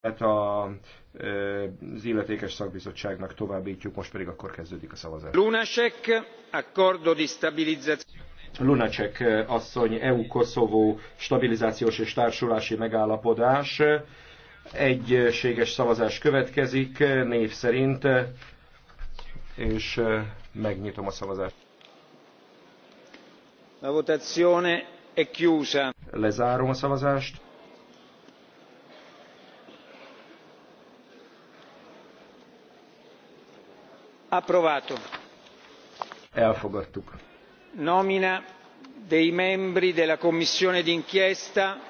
tehát a, az illetékes szakbizottságnak továbbítjuk, most pedig akkor kezdődik a szavazás. Lunacek, accordo di stabilizzazione. Lunacek asszony, EU-Koszovó stabilizációs és társulási megállapodás. Egységes szavazás következik név szerint, és megnyitom a szavazást. La votazione è chiusa. Lezárom a szavazást. approvato elfogadtuk nomina dei membri della commissione d'inchiesta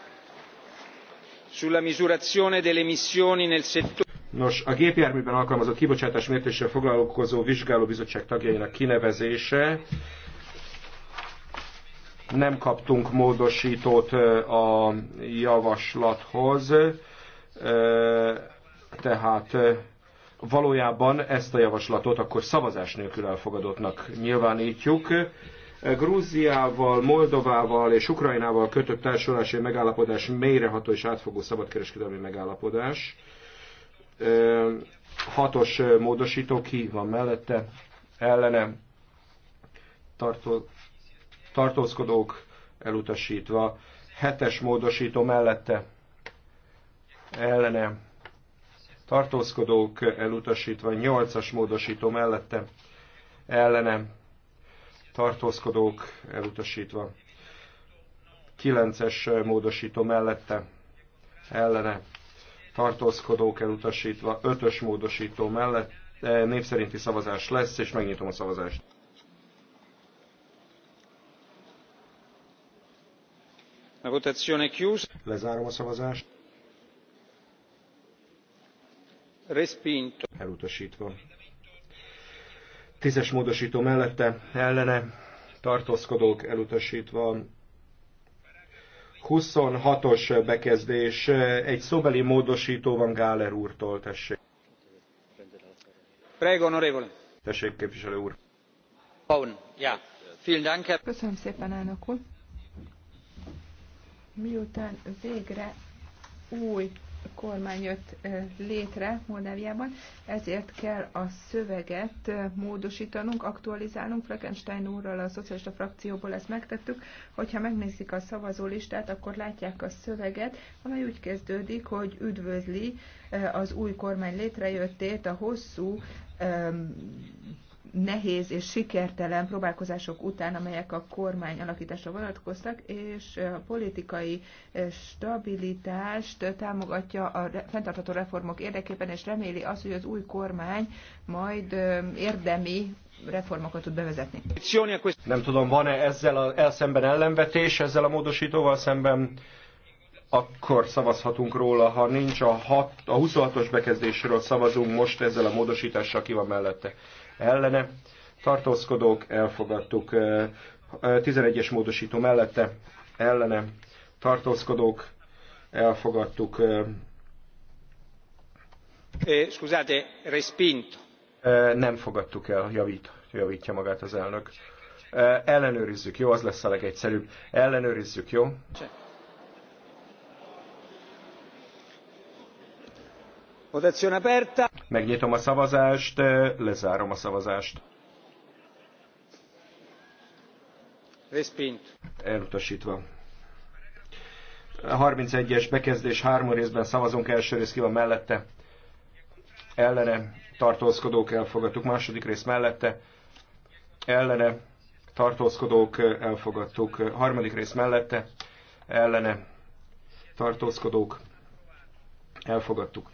sulla misurazione delle emissioni nel settore Nos, a gépjárműben alkalmazott kibocsátás mértéssel foglalkozó vizsgálóbizottság tagjainak kinevezése. Nem kaptunk módosítót a javaslathoz, tehát valójában ezt a javaslatot akkor szavazás nélkül elfogadottnak nyilvánítjuk. Grúziával, Moldovával és Ukrajnával kötött társulási megállapodás mélyreható és átfogó szabadkereskedelmi megállapodás. Hatos módosító ki van mellette, ellene tartó, tartózkodók elutasítva, hetes módosító mellette, ellene tartózkodók elutasítva, nyolcas módosító mellette ellene tartózkodók elutasítva, kilences módosító mellette ellene tartózkodók elutasítva, ötös módosító mellett eh, név szerinti szavazás lesz, és megnyitom a szavazást. A votazione chiusa. Lezárom a szavazást. Elutasítva. Tízes módosító mellette, ellene, tartózkodók elutasítva. 26-os bekezdés, egy szóbeli módosító van Gáler úrtól, tessék. Prego, onorevole. Tessék, képviselő úr. Paun, ja. Vielen Dank. Köszönöm szépen, elnök úr. Miután végre új kormány jött létre Moldáviában, ezért kell a szöveget módosítanunk, aktualizálnunk. Fleckenstein úrral a szocialista frakcióból ezt megtettük. Hogyha megnézik a szavazólistát, akkor látják a szöveget, amely úgy kezdődik, hogy üdvözli az új kormány létrejöttét, a hosszú nehéz és sikertelen próbálkozások után, amelyek a kormány alakításra vonatkoztak, és a politikai stabilitást támogatja a fenntartható reformok érdekében, és reméli azt, hogy az új kormány majd érdemi reformokat tud bevezetni. Nem tudom, van-e ezzel a, elszemben ellenvetés, ezzel a módosítóval szemben akkor szavazhatunk róla, ha nincs a, hat a 26-os bekezdésről szavazunk most ezzel a módosítással, ki van mellette ellene tartózkodók, elfogadtuk 11-es módosító mellette, ellene tartózkodók, elfogadtuk. Eh, scusate, respinto. Nem fogadtuk el, javít, javítja magát az elnök. Ellenőrizzük, jó, az lesz a legegyszerűbb. Ellenőrizzük, jó? Cs. Votazione aperta. Megnyitom a szavazást, eh, lezárom a szavazást. Respint. Elutasítva. 31-es bekezdés három részben szavazunk, első rész ki van mellette, ellene tartózkodók elfogadtuk, második rész mellette, ellene tartózkodók elfogadtuk, harmadik rész mellette, ellene tartózkodók elfogadtuk.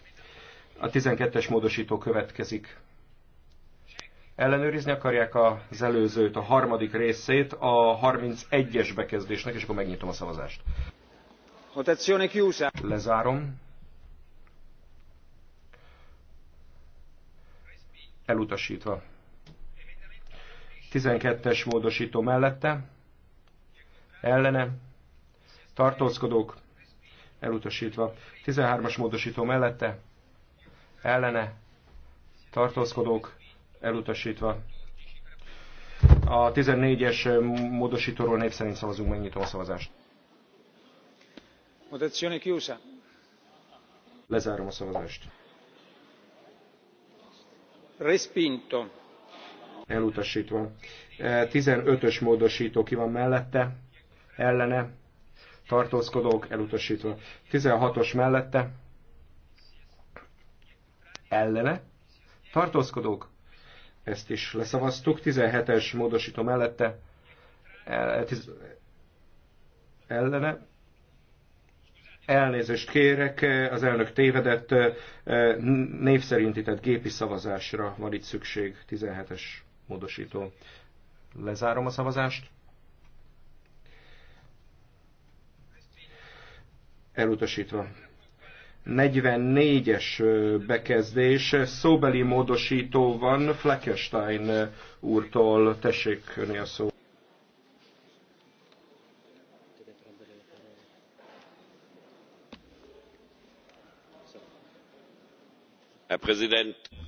A 12-es módosító következik. Ellenőrizni akarják az előzőt, a harmadik részét a 31-es bekezdésnek, és akkor megnyitom a szavazást. Lezárom. Elutasítva. 12-es módosító mellette, ellene, tartózkodók, elutasítva. 13-as módosító mellette, ellene tartózkodók elutasítva. A 14-es módosítóról név szerint szavazunk, megnyitom a szavazást. Votazione chiusa. Lezárom a szavazást. Respinto. Elutasítva. 15-ös e, módosító ki van mellette, ellene, tartózkodók elutasítva. 16-os mellette, ellene, tartózkodók, ezt is leszavaztuk, 17-es módosító mellette, ellene, elnézést kérek, az elnök tévedett, név szerinti, tehát gépi szavazásra van itt szükség, 17-es módosító. Lezárom a szavazást. Elutasítva. 44-es bekezdés szóbeli módosító van Fleckenstein úrtól. Tessék, önél szó.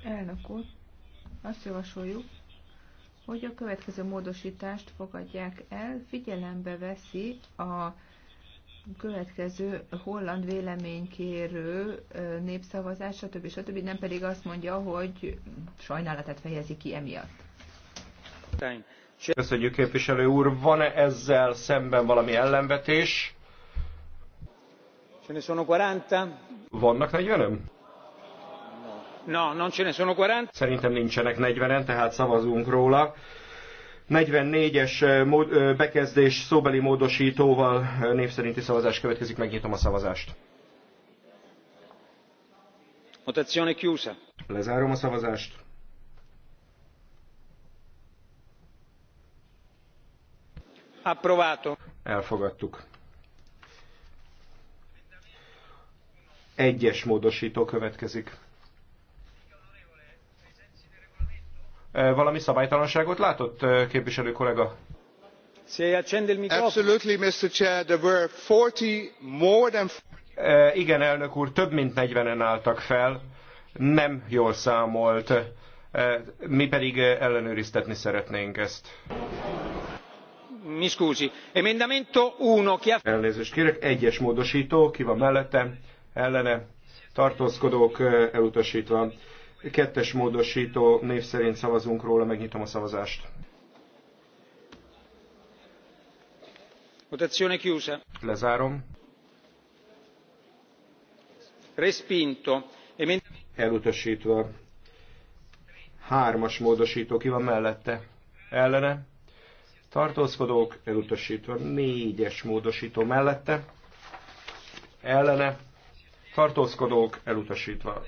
Elnök úr, azt javasoljuk, hogy a következő módosítást fogadják el, figyelembe veszi a következő holland véleménykérő népszavazás, stb. stb. nem pedig azt mondja, hogy sajnálatát fejezi ki emiatt. Köszönjük, képviselő úr. Van-e ezzel szemben valami ellenvetés? Ce ne sono 40. Vannak 40 No, non ce ne sono 40. Szerintem nincsenek 40-en, tehát szavazunk róla. 44-es bekezdés szóbeli módosítóval név szerinti szavazás következik, megnyitom a szavazást. Votazione chiusa. Lezárom a szavazást. Approvato. Elfogadtuk. Egyes módosító következik. Valami szabálytalanságot látott képviselő kollega? Absolutely, Mr. Chair, there were 40, more than... Igen, elnök úr, több mint 40-en álltak fel, nem jól számolt, mi pedig ellenőriztetni szeretnénk ezt. Mi scusi. Emendamento uno. Chi... Elnézést kérek, egyes módosító, ki van mellette, ellene, tartózkodók elutasítva. Kettes módosító név szerint szavazunk róla, megnyitom a szavazást. Votazione chiusa. Lezárom. Respinto. Elutasítva. Hármas módosító, ki van mellette? Ellene. Tartózkodók, elutasítva. Négyes módosító mellette. Ellene tartózkodók elutasítva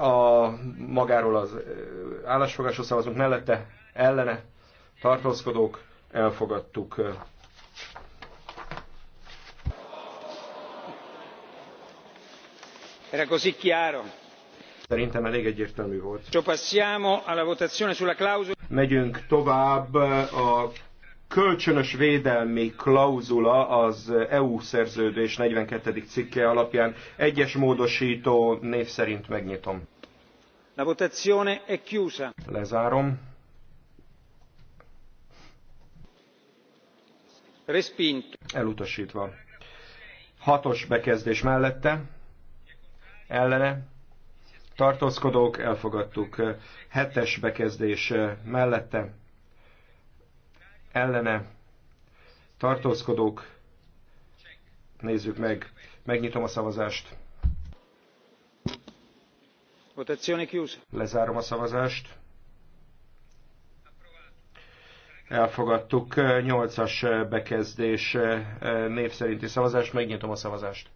a magáról az állásfogásról szavazunk mellette, ellene tartózkodók, elfogadtuk. Era così chiaro. Szerintem elég egyértelmű volt. Passiamo alla votazione sulla clausola. Megyünk tovább a kölcsönös védelmi klauzula az EU szerződés 42. cikke alapján. Egyes módosító név szerint megnyitom. La votazione è chiusa. Lezárom. Respinto. Elutasítva. Hatos bekezdés mellette. Ellene. Tartózkodók, elfogadtuk. Hetes bekezdés mellette ellene tartózkodók. Nézzük meg. Megnyitom a szavazást. Votazione chiusa. Lezárom a szavazást. Elfogadtuk. 8-as bekezdés név szerinti szavazást. Megnyitom a szavazást.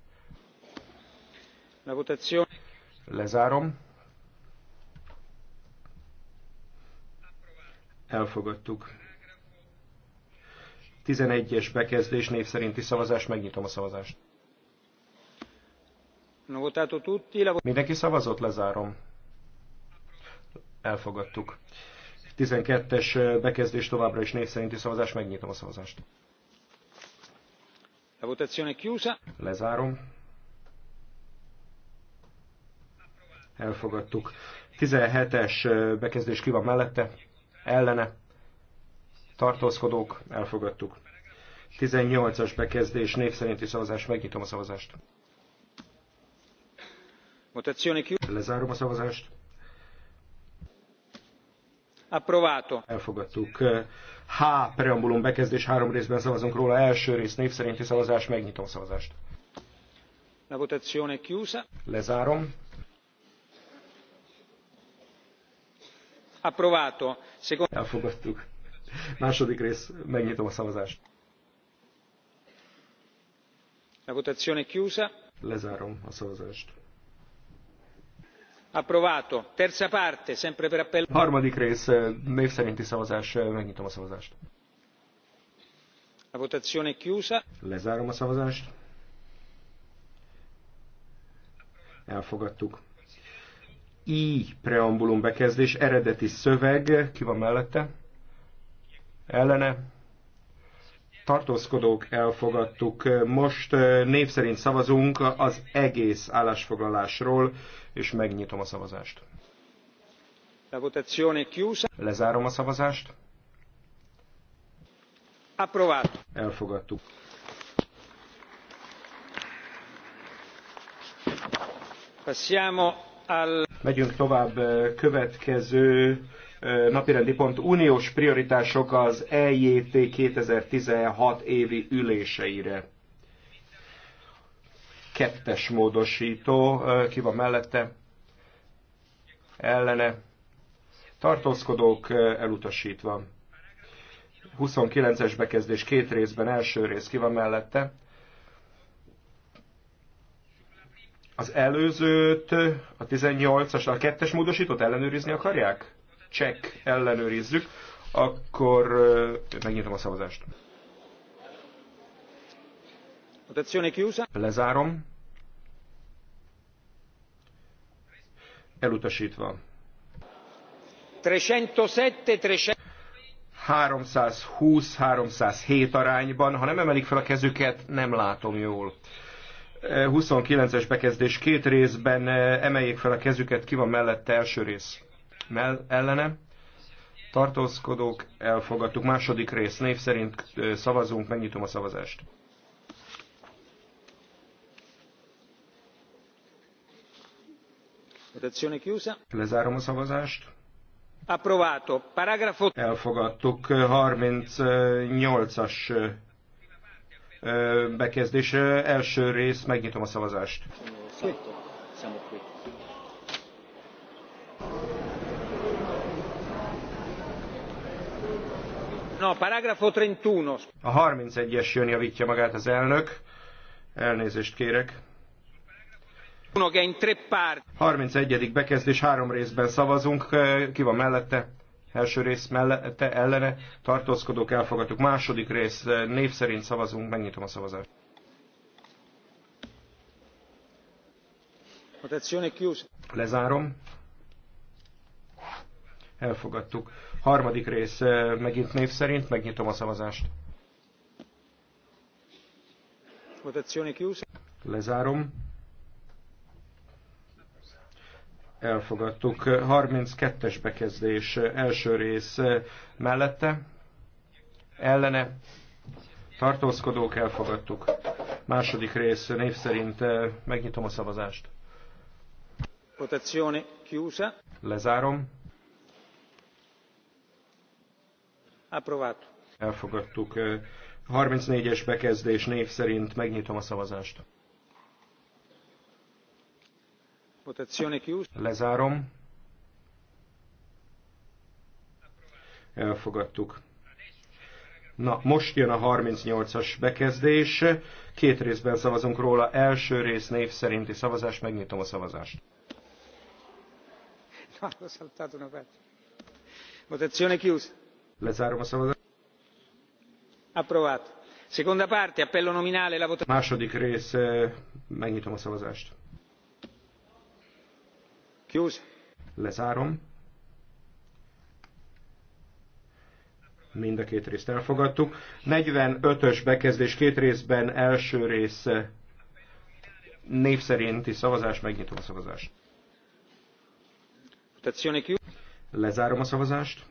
La votazione. Lezárom. Elfogadtuk. 11-es bekezdés név szerinti szavazás. Megnyitom a szavazást. Mindenki szavazott, lezárom. Elfogadtuk. 12-es bekezdés továbbra is név szerinti szavazás. Megnyitom a szavazást. chiusa. Lezárom. Elfogadtuk. 17-es bekezdés ki van mellette? Ellene tartózkodók, elfogadtuk. 18-as bekezdés, név szerinti szavazás, megnyitom a szavazást. Lezárom a szavazást. Approvato. Elfogadtuk. H. Preambulum bekezdés, három részben szavazunk róla. Első rész név szerinti szavazás, megnyitom a szavazást. La votazione chiusa. Lezárom. Approvato. Second... Elfogadtuk. Második rész, megnyitom a szavazást. La votazione chiusa. Lezárom a szavazást. Approvato. Terza parte, sempre per appello. Harmadik rész, eh, név szerinti szavazás, eh, megnyitom a szavazást. La votazione chiusa. Lezárom a szavazást. Elfogadtuk. I preambulum bekezdés, eredeti szöveg, ki van mellette? ellene tartózkodók elfogadtuk. Most név szerint szavazunk az egész állásfoglalásról, és megnyitom a szavazást. La votazione chiusa. Lezárom a szavazást. Approvato. Elfogadtuk. Passiamo al... Megyünk tovább következő napirendi pont uniós prioritások az EJT 2016 évi üléseire. Kettes módosító, ki van mellette? Ellene. Tartózkodók elutasítva. 29-es bekezdés két részben, első rész ki van mellette? Az előzőt, a 18-as, a kettes módosítót ellenőrizni akarják? check ellenőrizzük, akkor megnyitom a szavazást. Lezárom. Elutasítva. 307, 320-307 arányban, ha nem emelik fel a kezüket, nem látom jól. 29-es bekezdés két részben, emeljék fel a kezüket, ki van mellette első rész mell ellene tartózkodók elfogadtuk. Második rész név szerint szavazunk, megnyitom a szavazást. Lezárom a szavazást. Approvato. Paragrafo... Elfogadtuk 38-as bekezdés. Első rész, megnyitom a szavazást. No, paragrafo 31. A 31-es jön, javítja magát az elnök. Elnézést kérek. 31. bekezdés, három részben szavazunk. Ki van mellette? Első rész mellette, ellene. Tartózkodók elfogadtuk. Második rész, név szerint szavazunk. Megnyitom a szavazást. Lezárom. Elfogadtuk. Harmadik rész megint név szerint, megnyitom a szavazást. Lezárom. Elfogadtuk. 32-es bekezdés első rész mellette. Ellene. Tartózkodók elfogadtuk. Második rész név szerint megnyitom a szavazást. Votazione chiusa. Lezárom. Approvato. Elfogadtuk. 34-es bekezdés név szerint megnyitom a szavazást. Votazione chiusa. Lezárom. Elfogadtuk. Na, most jön a 38-as bekezdés. Két részben szavazunk róla. Első rész név szerinti szavazás. Megnyitom a szavazást. No, saltato una parte. Votazione chiusa. Lezárom a szavazást. Approvato. Seconda parte, appello nominale, la votazione. Második rész, eh, megnyitom a szavazást. Chiuso. Lezárom. Mind a két részt elfogadtuk. 45-ös bekezdés két részben, első rész eh, név szerinti szavazás, megnyitom a szavazást. Lezárom a szavazást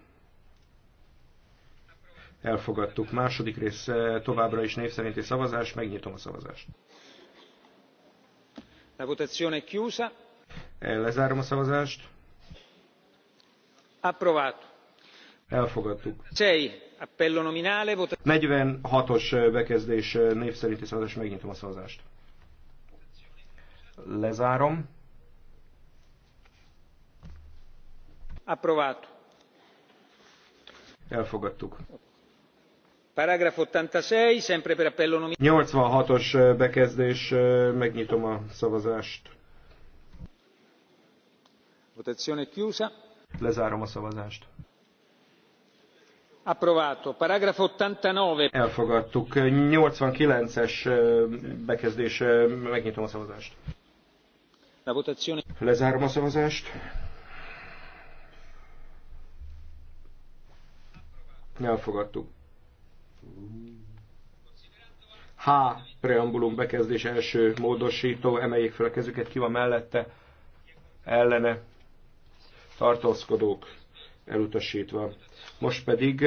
elfogadtuk. Második rész eh, továbbra is név szerinti szavazás, megnyitom a szavazást. La votazione chiusa. Eh, lezárom a szavazást. Approvato. Elfogadtuk. 6. Appello nominale. 46-os eh, bekezdés név szerinti szavazás, megnyitom a szavazást. Lezárom. Approvato. Elfogadtuk. Paragraf 86-os eh, bekezdés, eh, megnyitom a szavazást. Votazione chiusa. Lezárom a szavazást. Approvato. Paragrafo 89. Elfogadtuk. 89-es eh, bekezdés, megnyitom a szavazást. La votazione. Lezárom a szavazást. Elfogadtuk. H. Preambulum bekezdés első módosító, emeljék fel a kezüket, ki van mellette, ellene, tartózkodók elutasítva. Most pedig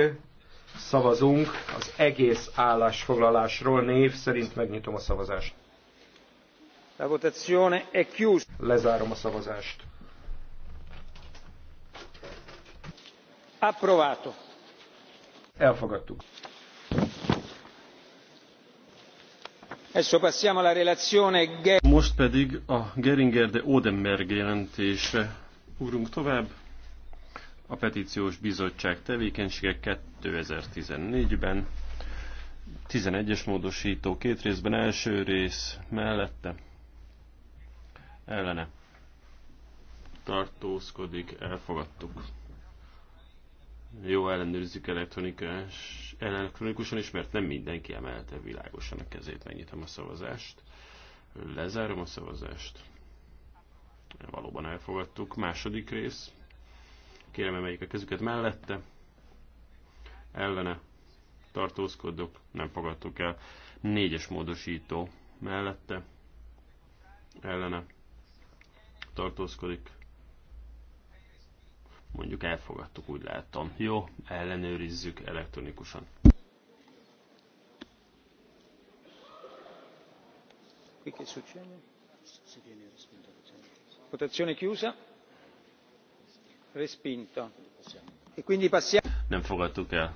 szavazunk az egész állásfoglalásról név szerint megnyitom a szavazást. La votazione è chiusa. Lezárom a szavazást. Approvato. Elfogadtuk. Most pedig a Geringer de Odenberg jelentésre ugrunk tovább. A petíciós bizottság tevékenysége 2014-ben 11-es módosító két részben első rész mellette ellene tartózkodik, elfogadtuk. Jó, ellenőrizzük elektronikus, elektronikusan is, mert nem mindenki emelte világosan a kezét. Megnyitom a szavazást. Lezárom a szavazást. Valóban elfogadtuk. Második rész. Kérem, emeljék a kezüket mellette. Ellene. Tartózkodok. Nem fogadtuk el. Négyes módosító mellette. Ellene. Tartózkodik mondjuk elfogadtuk, úgy láttam. Jó, ellenőrizzük elektronikusan. Votazione chiusa. Respinto. E quindi passiamo... Nem fogadtuk el.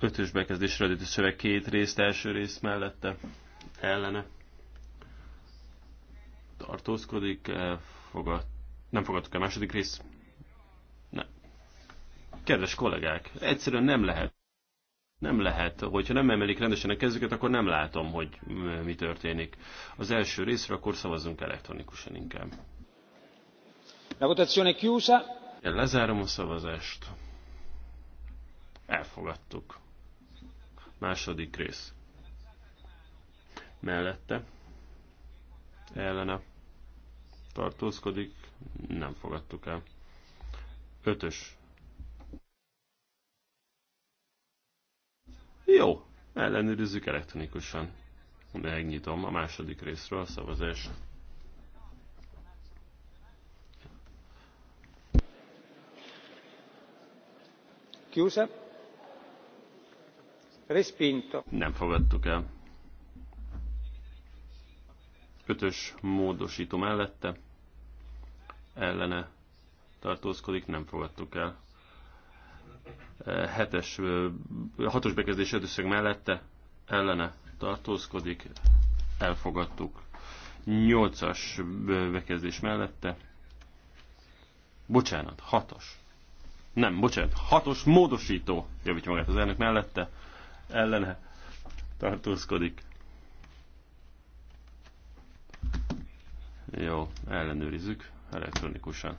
Ötös bekezdésre adott szöveg két részt, első rész mellette, ellene. Tartózkodik, fogad... nem fogadtuk el második rész Kedves kollégák, egyszerűen nem lehet. Nem lehet, hogyha nem emelik rendesen a kezüket, akkor nem látom, hogy mi történik. Az első részre akkor szavazzunk elektronikusan inkább. La votazione chiusa. Lezárom a szavazást. Elfogadtuk. Második rész. Mellette. Ellene. Tartózkodik. Nem fogadtuk el. Ötös Jó, ellenőrizzük elektronikusan. Megnyitom a második részről a szavazást. Chiusa. Respinto. Nem fogadtuk el. Ötös módosító mellette ellene tartózkodik, nem fogadtuk el hetes, hatos bekezdés összeg mellette ellene tartózkodik, elfogadtuk. Nyolcas bekezdés mellette, bocsánat, hatos. Nem, bocsánat, hatos módosító, javítja magát az elnök mellette, ellene tartózkodik. Jó, ellenőrizzük elektronikusan.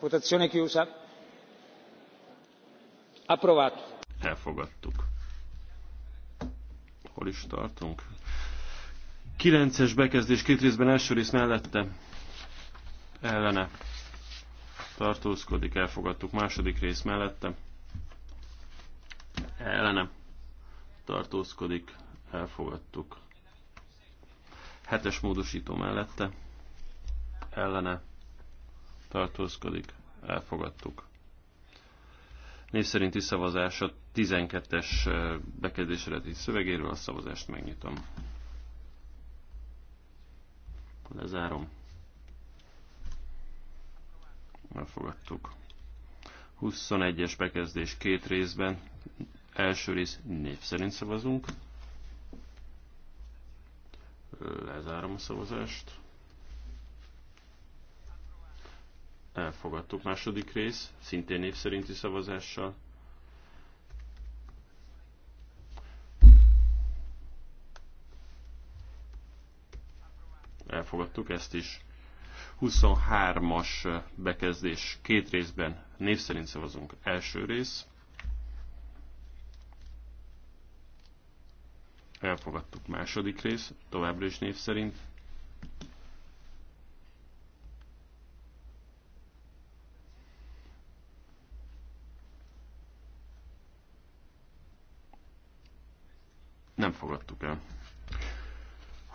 votazione chiusa approvato elfogadtuk hol is tartunk 9 bekezdés két részben első rész mellette ellene tartózkodik, elfogadtuk második rész mellette ellene tartózkodik, elfogadtuk hetes módosító mellette ellene tartózkodik, elfogadtuk. Név szerinti szavazás a 12-es bekezdés eredeti szövegéről, a szavazást megnyitom. Lezárom. Elfogadtuk. 21-es bekezdés két részben. Első rész név szerint szavazunk. Lezárom a szavazást. elfogadtuk. Második rész, szintén név szerinti szavazással. Elfogadtuk ezt is. 23-as bekezdés két részben név szerint szavazunk. Első rész. Elfogadtuk második rész, továbbra is név szerint. nem fogadtuk el.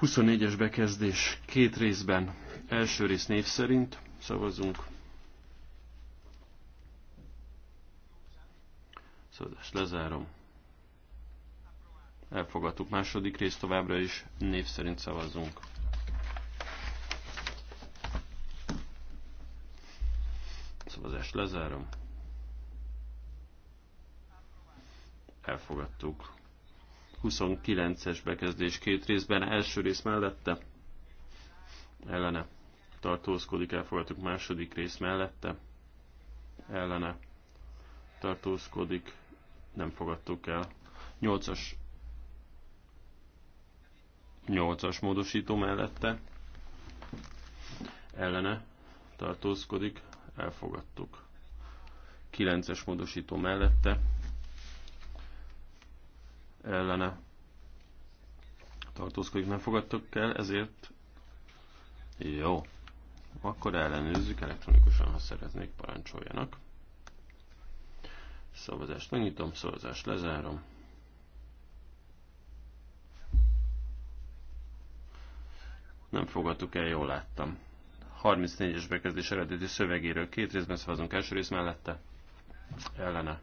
24-es bekezdés két részben. Első rész név szerint szavazunk. Szavazást lezárom. Elfogadtuk. Második rész továbbra is név szerint szavazunk. Szavazást lezárom. Elfogadtuk. 29-es bekezdés két részben, első rész mellette ellene tartózkodik, elfogadtuk második rész mellette ellene tartózkodik, nem fogadtuk el. 8-as 8-as módosító mellette ellene tartózkodik, elfogadtuk. 9-es módosító mellette ellene tartózkodik, nem fogadtok el, ezért jó. Akkor ellenőrizzük elektronikusan, ha szeretnék, parancsoljanak. Szavazást megnyitom, szavazást lezárom. Nem fogadtuk el, jól láttam. 34-es bekezdés eredeti szövegéről két részben szavazunk első rész mellette. Ellene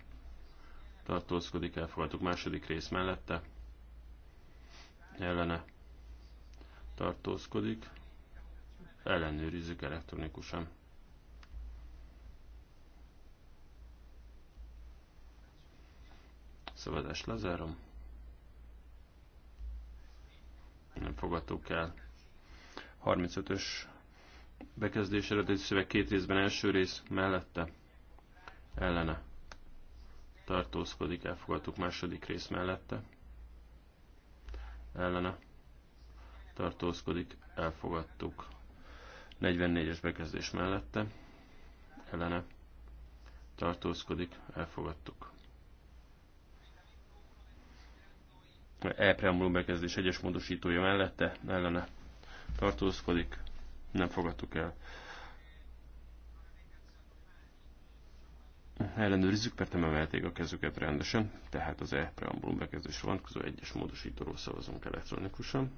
tartózkodik, elfogadtuk második rész mellette, ellene tartózkodik, ellenőrizzük elektronikusan. Szavazást lezárom. Nem fogadtuk el. 35-ös bekezdés eredeti szöveg két részben első rész mellette ellene tartózkodik, elfogadtuk második rész mellette, ellene tartózkodik, elfogadtuk 44-es bekezdés mellette, ellene tartózkodik, elfogadtuk. e bekezdés egyes módosítója mellette, ellene tartózkodik, nem fogadtuk el. ellenőrizzük, mert nem emelték a kezüket rendesen, tehát az e-preambulum van, vonatkozó egyes módosítóról szavazunk elektronikusan.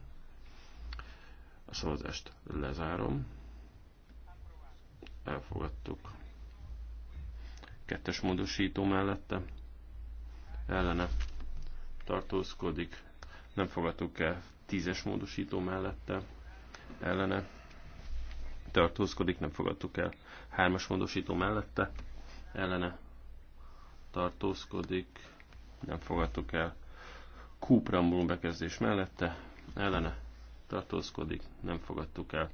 A szavazást lezárom. Elfogadtuk. Kettes módosító mellette. Ellene tartózkodik. Nem fogadtuk el tízes módosító mellette. Ellene tartózkodik, nem fogadtuk el. Hármas módosító mellette, ellene tartózkodik, nem fogadtuk el. Q preambulum bekezdés mellette, ellene tartózkodik, nem fogadtuk el.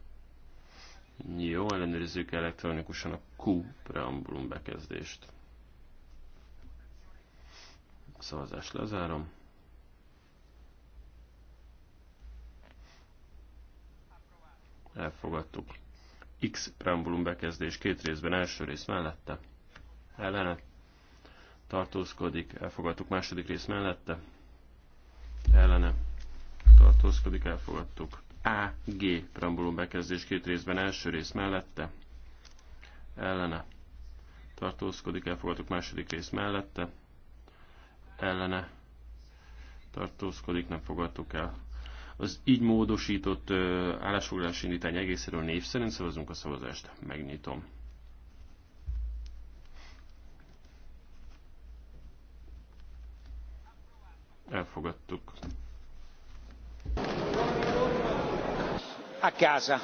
Jó, ellenőrizzük elektronikusan a Q preambulum bekezdést. A szavazást lezárom. Elfogadtuk. X preambulum bekezdés két részben első rész mellette. Ellenet tartózkodik, elfogadtuk második rész mellette, ellene tartózkodik, elfogadtuk. A, G preambulum bekezdés két részben első rész mellette, ellene tartózkodik, elfogadtuk második rész mellette, ellene tartózkodik, nem fogadtuk el. Az így módosított állásfoglalási indítány egészéről név szerint szavazunk a szavazást. Megnyitom. Elfogadtuk. A casa.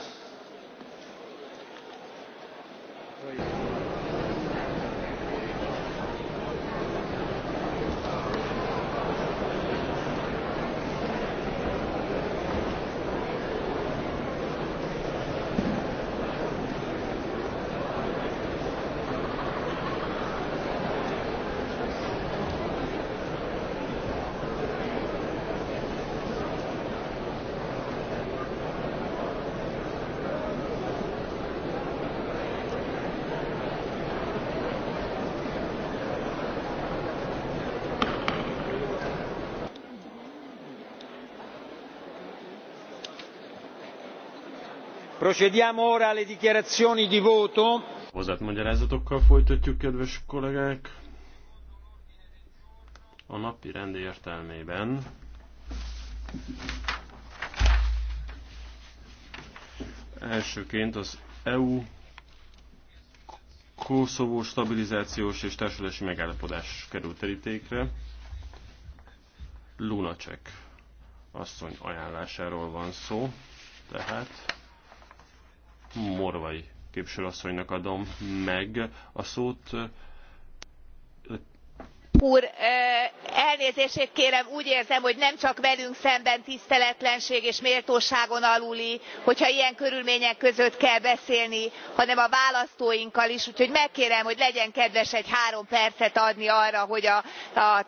Procediamo ora alle dichiarazioni di voto. folytatjuk, kedves kollégák. A napi rend értelmében elsőként az EU Koszovó stabilizációs és társulási megállapodás került terítékre. Lunacek asszony ajánlásáról van szó, tehát Morvai képviselőasszonynak adom meg a szót. Úr, elnézését kérem, úgy érzem, hogy nem csak velünk szemben tiszteletlenség és méltóságon aluli, hogyha ilyen körülmények között kell beszélni, hanem a választóinkkal is, úgyhogy megkérem, hogy legyen kedves egy három percet adni arra, hogy a, a